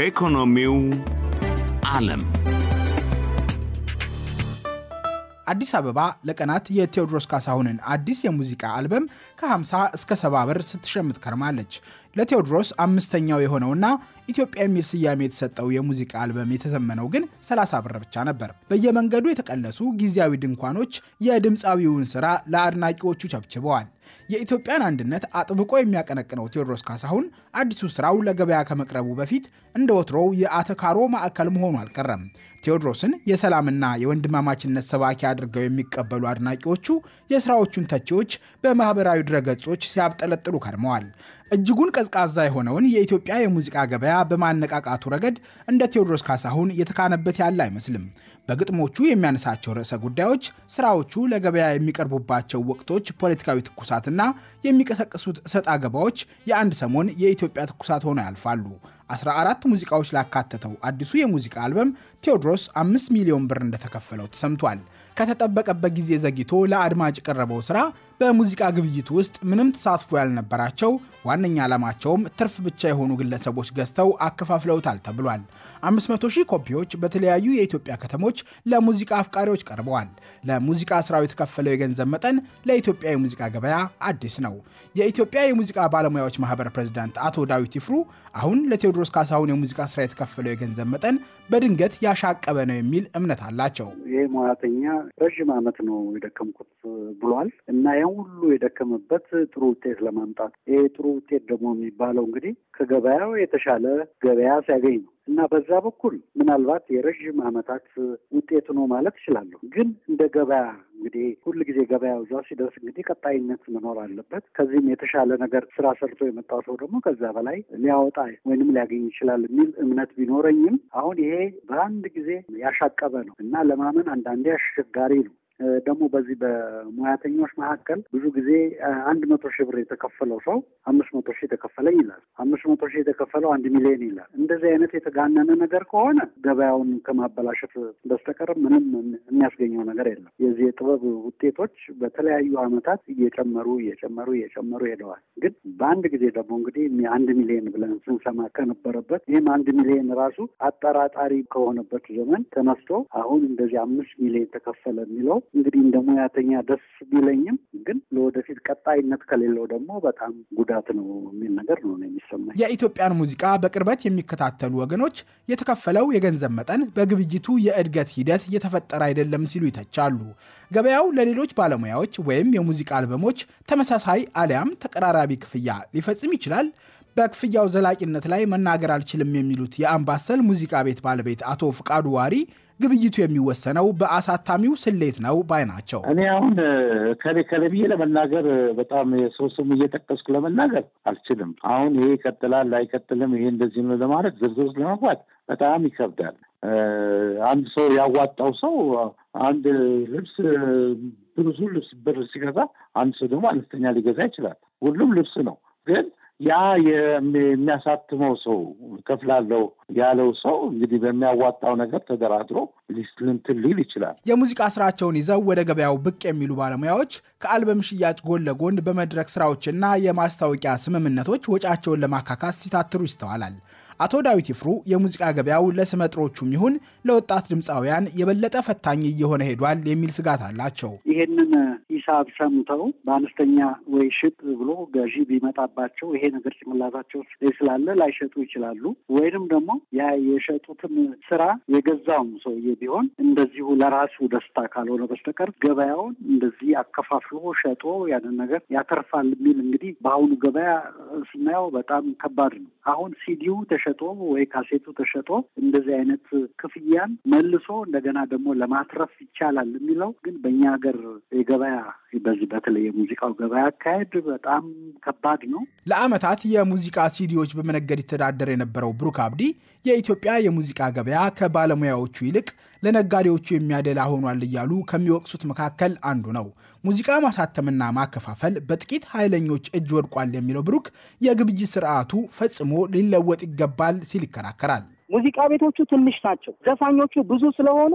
ከኢኮኖሚው ዓለም አዲስ አበባ ለቀናት የቴዎድሮስ ካሳሁንን አዲስ የሙዚቃ አልበም ከ50 እስከ 70 ብር ስትሸምት ከርማለች። ለቴዎድሮስ አምስተኛው የሆነውና ኢትዮጵያ የሚል ስያሜ የተሰጠው የሙዚቃ አልበም የተተመነው ግን 30 ብር ብቻ ነበር። በየመንገዱ የተቀለሱ ጊዜያዊ ድንኳኖች የድምፃዊውን ስራ ለአድናቂዎቹ ቸብችበዋል። የኢትዮጵያን አንድነት አጥብቆ የሚያቀነቅነው ቴዎድሮስ ካሳሁን አዲሱ ስራው ለገበያ ከመቅረቡ በፊት እንደ ወትሮው የአተካሮ ማዕከል መሆኑ አልቀረም። ቴዎድሮስን የሰላምና የወንድማማችነት ሰባኪ አድርገው የሚቀበሉ አድናቂዎቹ የስራዎቹን ተቺዎች በማህበራዊ ድረገጾች ሲያብጠለጥሉ ከርመዋል። እጅጉን ቀዝቃዛ የሆነውን የኢትዮጵያ የሙዚቃ ገበያ በማነቃቃቱ ረገድ እንደ ቴዎድሮስ ካሳሁን የተካነበት ያለ አይመስልም። በግጥሞቹ የሚያነሳቸው ርዕሰ ጉዳዮች፣ ስራዎቹ ለገበያ የሚቀርቡባቸው ወቅቶች ፖለቲካዊ ትኩሳት ትኩሳትና የሚቀሰቅሱት ሰጣ ገባዎች የአንድ ሰሞን የኢትዮጵያ ትኩሳት ሆነው ያልፋሉ። 14 ሙዚቃዎች ላካተተው አዲሱ የሙዚቃ አልበም ቴዎድሮስ 5 ሚሊዮን ብር እንደተከፈለው ተሰምቷል። ከተጠበቀበት ጊዜ ዘግይቶ ለአድማጭ የቀረበው ሥራ በሙዚቃ ግብይት ውስጥ ምንም ተሳትፎ ያልነበራቸው ዋነኛ ዓላማቸውም ትርፍ ብቻ የሆኑ ግለሰቦች ገዝተው አከፋፍለውታል ተብሏል። 500 ሺህ ኮፒዎች በተለያዩ የኢትዮጵያ ከተሞች ለሙዚቃ አፍቃሪዎች ቀርበዋል። ለሙዚቃ ሥራው የተከፈለው የገንዘብ መጠን ለኢትዮጵያ የሙዚቃ ገበያ አዲስ ነው። የኢትዮጵያ የሙዚቃ ባለሙያዎች ማህበር ፕሬዚዳንት አቶ ዳዊት ይፍሩ አሁን ለቴዎድሮስ ቴዎድሮስ ካሳሁን የሙዚቃ ስራ የተከፈለው የገንዘብ መጠን በድንገት ያሻቀበ ነው የሚል እምነት አላቸው። ይህ ሙያተኛ ረዥም ዓመት ነው የደከምኩት ብሏል እና ያ ሁሉ የደከመበት ጥሩ ውጤት ለማምጣት ይህ ጥሩ ውጤት ደግሞ የሚባለው እንግዲህ ከገበያው የተሻለ ገበያ ሲያገኝ ነው እና በዛ በኩል ምናልባት የረዥም ዓመታት ውጤት ነው ማለት እችላለሁ። ግን እንደ ገበያ እንግዲህ ሁል ጊዜ ገበያ እዛ ሲደርስ እንግዲህ ቀጣይነት መኖር አለበት። ከዚህም የተሻለ ነገር ስራ ሰርቶ የመጣው ሰው ደግሞ ከዛ በላይ ሊያወጣ ወይንም ሊያገኝ ይችላል የሚል እምነት ቢኖረኝም አሁን ይሄ በአንድ ጊዜ ያሻቀበ ነው እና ለማመን አንዳንዴ አስቸጋሪ ነው። ደግሞ በዚህ በሙያተኞች መካከል ብዙ ጊዜ አንድ መቶ ሺህ ብር የተከፈለው ሰው አምስት መቶ ሺህ የተከፈለኝ ይላል። አምስት መቶ ሺህ የተከፈለው አንድ ሚሊዮን ይላል። እንደዚህ አይነት የተጋነነ ነገር ከሆነ ገበያውን ከማበላሸት በስተቀር ምንም የሚያስገኘው ነገር የለም። የዚህ የጥበብ ውጤቶች በተለያዩ ዓመታት እየጨመሩ እየጨመሩ እየጨመሩ ሄደዋል። ግን በአንድ ጊዜ ደግሞ እንግዲህ አንድ ሚሊዮን ብለን ስንሰማ ከነበረበት ይህም አንድ ሚሊዮን ራሱ አጠራጣሪ ከሆነበት ዘመን ተነስቶ አሁን እንደዚህ አምስት ሚሊዮን ተከፈለ የሚለው እንግዲህ እንደ ሙያተኛ ደስ ቢለኝም ግን ለወደፊት ቀጣይነት ከሌለው ደግሞ በጣም ጉዳት ነው የሚል ነገር ነው የሚሰማኝ። የኢትዮጵያን ሙዚቃ በቅርበት የሚከታተሉ ወገኖች የተከፈለው የገንዘብ መጠን በግብይቱ የእድገት ሂደት እየተፈጠረ አይደለም ሲሉ ይተቻሉ። ገበያው ለሌሎች ባለሙያዎች ወይም የሙዚቃ አልበሞች ተመሳሳይ አሊያም ተቀራራቢ ክፍያ ሊፈጽም ይችላል። በክፍያው ዘላቂነት ላይ መናገር አልችልም የሚሉት የአምባሰል ሙዚቃ ቤት ባለቤት አቶ ፍቃዱ ዋሪ ግብይቱ የሚወሰነው በአሳታሚው ስሌት ነው ባይ ናቸው። እኔ አሁን ከሌ ከሌ ብዬ ለመናገር በጣም የሰው ስም እየጠቀስኩ ለመናገር አልችልም። አሁን ይሄ ይቀጥላል አይቀጥልም፣ ይሄ እንደዚህ ነው ለማለት ዝርዝር ለመግባት በጣም ይከብዳል። አንድ ሰው ያዋጣው ሰው አንድ ልብስ ብዙ ልብስ ብር ሲገዛ አንድ ሰው ደግሞ አነስተኛ ሊገዛ ይችላል። ሁሉም ልብስ ነው ግን ያ የሚያሳትመው ሰው ከፍላለው ያለው ሰው እንግዲህ በሚያዋጣው ነገር ተደራድሮ ሊስልንትን ሊል ይችላል። የሙዚቃ ስራቸውን ይዘው ወደ ገበያው ብቅ የሚሉ ባለሙያዎች ከአልበም ሽያጭ ጎን ለጎን በመድረክ ስራዎችና የማስታወቂያ ስምምነቶች ወጫቸውን ለማካካስ ሲታትሩ ይስተዋላል። አቶ ዳዊት ይፍሩ የሙዚቃ ገበያው ለስመጥሮቹም ይሁን ለወጣት ድምፃውያን የበለጠ ፈታኝ እየሆነ ሄዷል የሚል ስጋት አላቸው። ይሄንን ሂሳብ ሰምተው በአነስተኛ ወይ ሽጥ ብሎ ገዢ ቢመጣባቸው ይሄ ነገር ጭንቅላታቸው ስላለ ላይሸጡ ይችላሉ። ወይንም ደግሞ ያ የሸጡትን ስራ የገዛውም ሰውዬ ቢሆን እንደዚሁ ለራሱ ደስታ ካልሆነ በስተቀር ገበያውን እንደዚህ አከፋፍሎ ሸጦ ያንን ነገር ያተርፋል የሚል እንግዲህ በአሁኑ ገበያ ስናየው በጣም ከባድ ነው። አሁን ሲዲው ተሸ ተሸጦ ወይ ካሴቱ ተሸጦ እንደዚህ አይነት ክፍያን መልሶ እንደገና ደግሞ ለማትረፍ ይቻላል የሚለው ግን በእኛ ሀገር የገበያ በዚህ በተለይ የሙዚቃው ገበያ አካሄድ በጣም ከባድ ነው። ለአመታት የሙዚቃ ሲዲዎች በመነገድ ይተዳደር የነበረው ብሩክ አብዲ የኢትዮጵያ የሙዚቃ ገበያ ከባለሙያዎቹ ይልቅ ለነጋዴዎቹ የሚያደላ ሆኗል እያሉ ከሚወቅሱት መካከል አንዱ ነው። ሙዚቃ ማሳተምና ማከፋፈል በጥቂት ኃይለኞች እጅ ወድቋል የሚለው ብሩክ የግብይት ስርዓቱ ፈጽሞ ሊለወጥ ይገባል ሲል ይከራከራል። ሙዚቃ ቤቶቹ ትንሽ ናቸው። ዘፋኞቹ ብዙ ስለሆኑ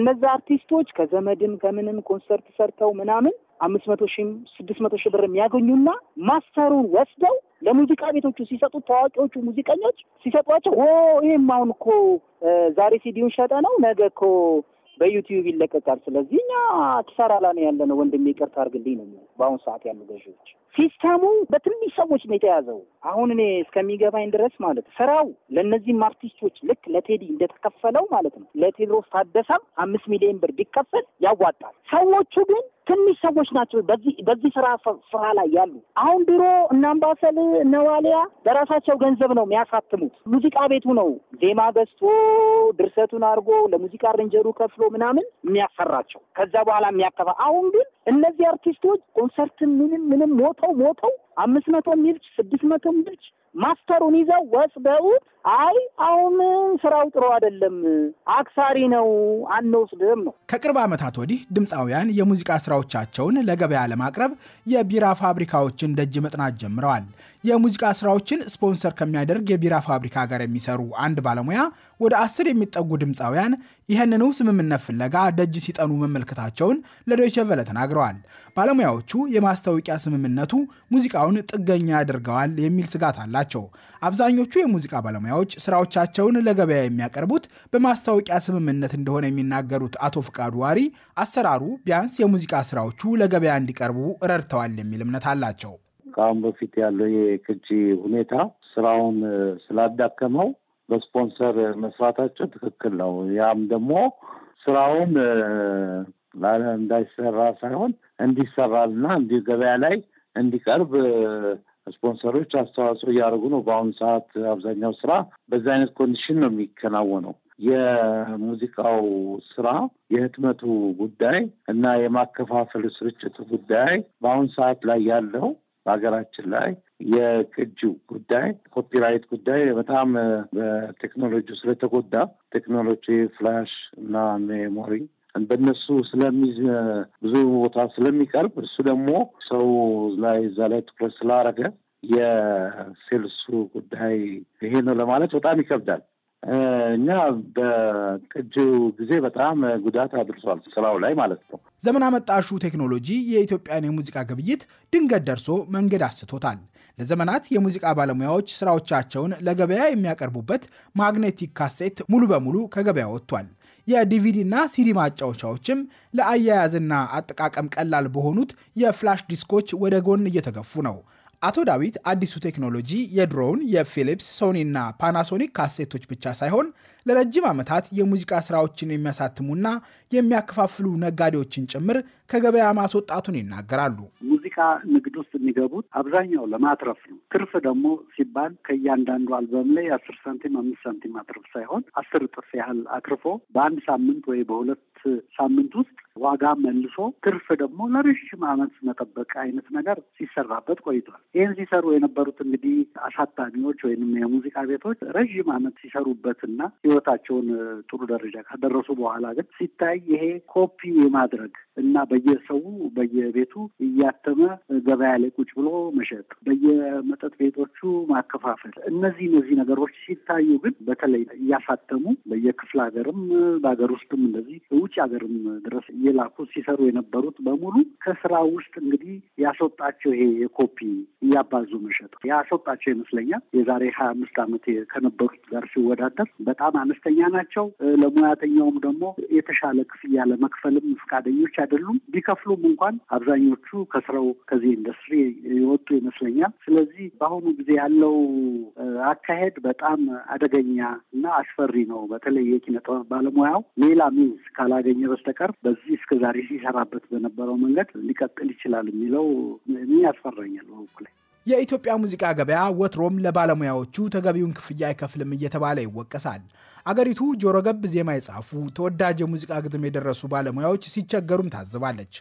እነዚ አርቲስቶች ከዘመድም ከምንም ኮንሰርት ሰርተው ምናምን አምስት መቶ ሺህም ስድስት መቶ ሺህ ብር የሚያገኙና ማስተሩን ወስደው ለሙዚቃ ቤቶቹ ሲሰጡት ታዋቂዎቹ ሙዚቀኞች ሲሰጧቸው ሆ ይህም አሁን እኮ ዛሬ ሲዲውን ሸጠ ነው ነገ እኮ በዩቲዩብ ይለቀቃል። ስለዚህ እኛ ትሰራላ ነው ያለ ነው ወንድሜ፣ ይቅርታ አድርግልኝ ነው በአሁኑ ሰዓት ያሉ ገዢዎች ሲስተሙ በትንሽ ሰዎች ነው የተያዘው። አሁን እኔ እስከሚገባኝ ድረስ ማለት ስራው ለእነዚህም አርቲስቶች ልክ ለቴዲ እንደተከፈለው ማለት ነው ለቴድሮስ ታደሰም አምስት ሚሊዮን ብር ቢከፈል ያዋጣል። ሰዎቹ ግን ትንሽ ሰዎች ናቸው በዚህ ስራ ስራ ላይ ያሉ። አሁን ድሮ እነ አምባሰል እነ ዋሊያ በራሳቸው ገንዘብ ነው የሚያሳትሙት። ሙዚቃ ቤቱ ነው ዜማ ገዝቶ ድርሰቱን አድርጎ ለሙዚቃ ሬንጀሩ ከፍሎ ምናምን የሚያሰራቸው ከዛ በኋላ የሚያከፋ አሁን ግን እነዚህ አርቲስቶች ኮንሰርትን ምንም ምንም ሞተው ሞተው አምስት መቶ ሚልች ስድስት መቶ ሚልች ማስተሩን ይዘው ወስደው አይ አሁን ስራው ጥሩ አይደለም፣ አክሳሪ ነው፣ አንወስድም ነው። ከቅርብ ዓመታት ወዲህ ድምፃውያን የሙዚቃ ስራዎቻቸውን ለገበያ ለማቅረብ የቢራ ፋብሪካዎችን ደጅ መጥናት ጀምረዋል። የሙዚቃ ስራዎችን ስፖንሰር ከሚያደርግ የቢራ ፋብሪካ ጋር የሚሰሩ አንድ ባለሙያ ወደ አስር የሚጠጉ ድምፃውያን ይህንኑ ስምምነት ፍለጋ ደጅ ሲጠኑ መመልከታቸውን ለዶይቸ ቨለ ተናግረዋል። ባለሙያዎቹ የማስታወቂያ ስምምነቱ ሙዚቃውን ጥገኛ ያደርገዋል የሚል ስጋት አላቸው። አብዛኞቹ የሙዚቃ ባለሙያዎች ስራዎቻቸውን ለገበያ የሚያቀርቡት በማስታወቂያ ስምምነት እንደሆነ የሚናገሩት አቶ ፍቃዱ ዋሪ አሰራሩ ቢያንስ የሙዚቃ ስራዎቹ ለገበያ እንዲቀርቡ ረድተዋል የሚል እምነት አላቸው። ከአሁን በፊት ያለው የቅጂ ሁኔታ ስራውን ስላዳከመው በስፖንሰር መስራታቸው ትክክል ነው። ያም ደግሞ ስራውን እንዳይሰራ ሳይሆን እንዲሰራልና እንዲህ ገበያ ላይ እንዲቀርብ ስፖንሰሮች አስተዋጽኦ እያደረጉ ነው። በአሁኑ ሰዓት አብዛኛው ስራ በዛ አይነት ኮንዲሽን ነው የሚከናወነው። የሙዚቃው ስራ፣ የህትመቱ ጉዳይ እና የማከፋፈል ስርጭቱ ጉዳይ በአሁኑ ሰዓት ላይ ያለው በሀገራችን ላይ የቅጂው ጉዳይ ኮፒራይት ጉዳይ በጣም በቴክኖሎጂ ስለተጎዳ ቴክኖሎጂ ፍላሽ እና ሜሞሪ በእነሱ ስለሚ ብዙ ቦታ ስለሚቀርብ እሱ ደግሞ ሰው ላይ እዛ ላይ ትኩረት ስላረገ የሴልሱ ጉዳይ ይሄ ነው ለማለት በጣም ይከብዳል። እኛ በቅጂው ጊዜ በጣም ጉዳት አድርሷል ስራው ላይ ማለት ነው። ዘመን አመጣሹ ቴክኖሎጂ የኢትዮጵያን የሙዚቃ ግብይት ድንገት ደርሶ መንገድ አስቶታል። ለዘመናት የሙዚቃ ባለሙያዎች ስራዎቻቸውን ለገበያ የሚያቀርቡበት ማግኔቲክ ካሴት ሙሉ በሙሉ ከገበያ ወጥቷል። የዲቪዲ ሲዲ ማጫወቻዎችም ለአያያዝና አጠቃቀም ቀላል በሆኑት የፍላሽ ዲስኮች ወደ ጎን እየተገፉ ነው። አቶ ዳዊት አዲሱ ቴክኖሎጂ የድሮውን የፊሊፕስ ሶኒና ፓናሶኒክ ካሴቶች ብቻ ሳይሆን ለረጅም ዓመታት የሙዚቃ ስራዎችን የሚያሳትሙና የሚያከፋፍሉ ነጋዴዎችን ጭምር ከገበያ ማስወጣቱን ይናገራሉ። ሙዚቃ ንግድ ውስጥ የሚገቡት አብዛኛው ለማትረፍ ነው። ትርፍ ደግሞ ሲባል ከእያንዳንዱ አልበም ላይ አስር ሳንቲም አምስት ሳንቲም አትርፍ ሳይሆን አስር እጥፍ ያህል አትርፎ በአንድ ሳምንት ወይ በሁለት ሳምንት ውስጥ ዋጋ መልሶ ትርፍ ደግሞ ለረዥም ዓመት መጠበቅ አይነት ነገር ሲሰራበት ቆይቷል። ይህን ሲሰሩ የነበሩት እንግዲህ አሳታሚዎች ወይም የሙዚቃ ቤቶች ረዥም ዓመት ሲሰሩበትና ሕይወታቸውን ጥሩ ደረጃ ካደረሱ በኋላ ግን ሲታይ ይሄ ኮፒ የማድረግ እና በየሰው በየቤቱ እያተመ ገበያ ላይ ቁጭ ብሎ መሸጥ፣ በየመጠጥ ቤቶቹ ማከፋፈል እነዚህ እነዚህ ነገሮች ሲታዩ ግን በተለይ እያሳተሙ በየክፍለ ሀገርም በሀገር ውስጥም እንደዚህ ውጭ ሀገርም ድረስ እየላኩ ሲሰሩ የነበሩት በሙሉ ከስራ ውስጥ እንግዲህ ያስወጣቸው ይሄ የኮፒ እያባዙ መሸጥ ያስወጣቸው ይመስለኛል። የዛሬ ሀያ አምስት ዓመት ከነበሩት ጋር ሲወዳደር በጣም አነስተኛ ናቸው። ለሙያተኛውም ደግሞ የተሻለ ክፍያ ለመክፈልም ፈቃደኞች አይደሉም። ቢከፍሉም እንኳን አብዛኞቹ ከስራው ከዚህ ኢንዱስትሪ የወጡ ይመስለኛል። ስለዚህ በአሁኑ ጊዜ ያለው አካሄድ በጣም አደገኛ እና አስፈሪ ነው። በተለይ የኪነ ጥበብ ባለሙያው ሌላ ሚንስ ካላገኘ በስተቀር በዚህ ዛሬ ሲሰራበት በነበረው መንገድ ሊቀጥል ይችላል የሚለው እኔ ያስፈራኛል በበኩሌ። የኢትዮጵያ ሙዚቃ ገበያ ወትሮም ለባለሙያዎቹ ተገቢውን ክፍያ አይከፍልም እየተባለ ይወቀሳል። አገሪቱ ጆሮ ገብ ዜማ የጻፉ ተወዳጅ የሙዚቃ ግጥም የደረሱ ባለሙያዎች ሲቸገሩም ታዝባለች።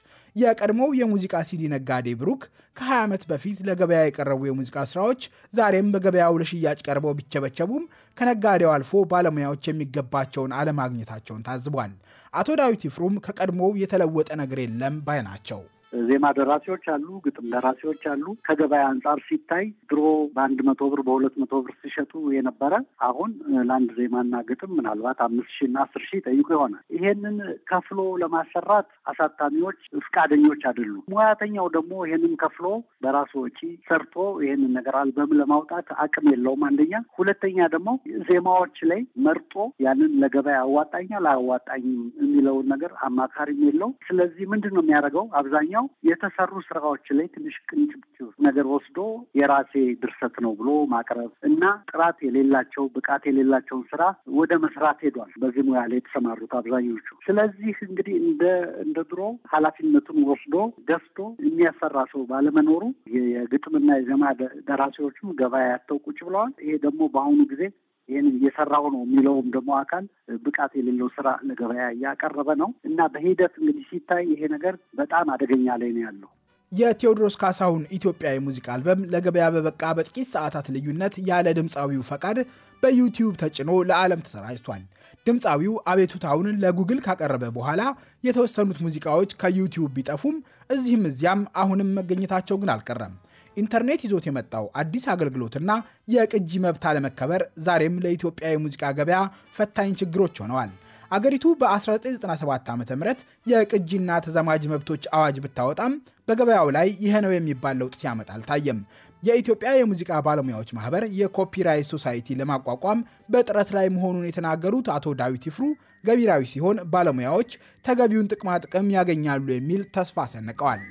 የቀድሞው የሙዚቃ ሲዲ ነጋዴ ብሩክ ከ20 ዓመት በፊት ለገበያ የቀረቡ የሙዚቃ ስራዎች ዛሬም በገበያው ለሽያጭ ቀርበው ቢቸበቸቡም ከነጋዴው አልፎ ባለሙያዎች የሚገባቸውን አለማግኘታቸውን ታዝቧል። አቶ ዳዊት ይፍሩም ከቀድሞው የተለወጠ ነገር የለም ባይ ናቸው። ዜማ ደራሲዎች አሉ፣ ግጥም ደራሲዎች አሉ። ከገበያ አንጻር ሲታይ ድሮ በአንድ መቶ ብር በሁለት መቶ ብር ሲሸጡ የነበረ አሁን ለአንድ ዜማና ግጥም ምናልባት አምስት ሺ እና አስር ሺ ጠይቁ ይሆናል። ይሄንን ከፍሎ ለማሰራት አሳታሚዎች ፍቃደኞች አይደሉም። ሙያተኛው ደግሞ ይሄንን ከፍሎ በራሱ ወጪ ሰርቶ ይሄንን ነገር አልበም ለማውጣት አቅም የለውም አንደኛ። ሁለተኛ ደግሞ ዜማዎች ላይ መርጦ ያንን ለገበያ አዋጣኛ አያዋጣኝም የሚለውን ነገር አማካሪም የለው። ስለዚህ ምንድን ነው የሚያደርገው አብዛኛው ሁለተኛው የተሰሩ ስራዎች ላይ ትንሽ ቅንጭብጭ ነገር ወስዶ የራሴ ድርሰት ነው ብሎ ማቅረብ እና ጥራት የሌላቸው ብቃት የሌላቸውን ስራ ወደ መስራት ሄዷል። በዚህ ሙያ ላይ የተሰማሩት አብዛኞቹ። ስለዚህ እንግዲህ እንደ እንደ ድሮ ኃላፊነቱን ወስዶ ገዝቶ የሚያሰራ ሰው ባለመኖሩ የግጥምና የዜማ ደራሲዎቹም ገበያ ያተው ቁጭ ብለዋል። ይሄ ደግሞ በአሁኑ ጊዜ ይህን እየሰራው ነው የሚለውም ደግሞ አካል ብቃት የሌለው ስራ ለገበያ እያቀረበ ነው እና በሂደት እንግዲህ ሲታይ ይሄ ነገር በጣም አደገኛ ላይ ነው ያለው። የቴዎድሮስ ካሳሁን ኢትዮጵያ የሙዚቃ አልበም ለገበያ በበቃ በጥቂት ሰዓታት ልዩነት ያለ ድምፃዊው ፈቃድ በዩቲዩብ ተጭኖ ለዓለም ተሰራጭቷል። ድምፃዊው አቤቱታውን ለጉግል ካቀረበ በኋላ የተወሰኑት ሙዚቃዎች ከዩቲዩብ ቢጠፉም እዚህም እዚያም አሁንም መገኘታቸው ግን አልቀረም። ኢንተርኔት ይዞት የመጣው አዲስ አገልግሎትና የቅጂ መብት አለመከበር ዛሬም ለኢትዮጵያ የሙዚቃ ገበያ ፈታኝ ችግሮች ሆነዋል። አገሪቱ በ1997 ዓ ም የቅጂና ተዘማጅ መብቶች አዋጅ ብታወጣም በገበያው ላይ ይሄ ነው የሚባል ለውጥ ሲያመጣ አልታየም። የኢትዮጵያ የሙዚቃ ባለሙያዎች ማህበር የኮፒራይት ሶሳይቲ ለማቋቋም በጥረት ላይ መሆኑን የተናገሩት አቶ ዳዊት ይፍሩ ገቢራዊ ሲሆን ባለሙያዎች ተገቢውን ጥቅማ ጥቅም ያገኛሉ የሚል ተስፋ ሰንቀዋል።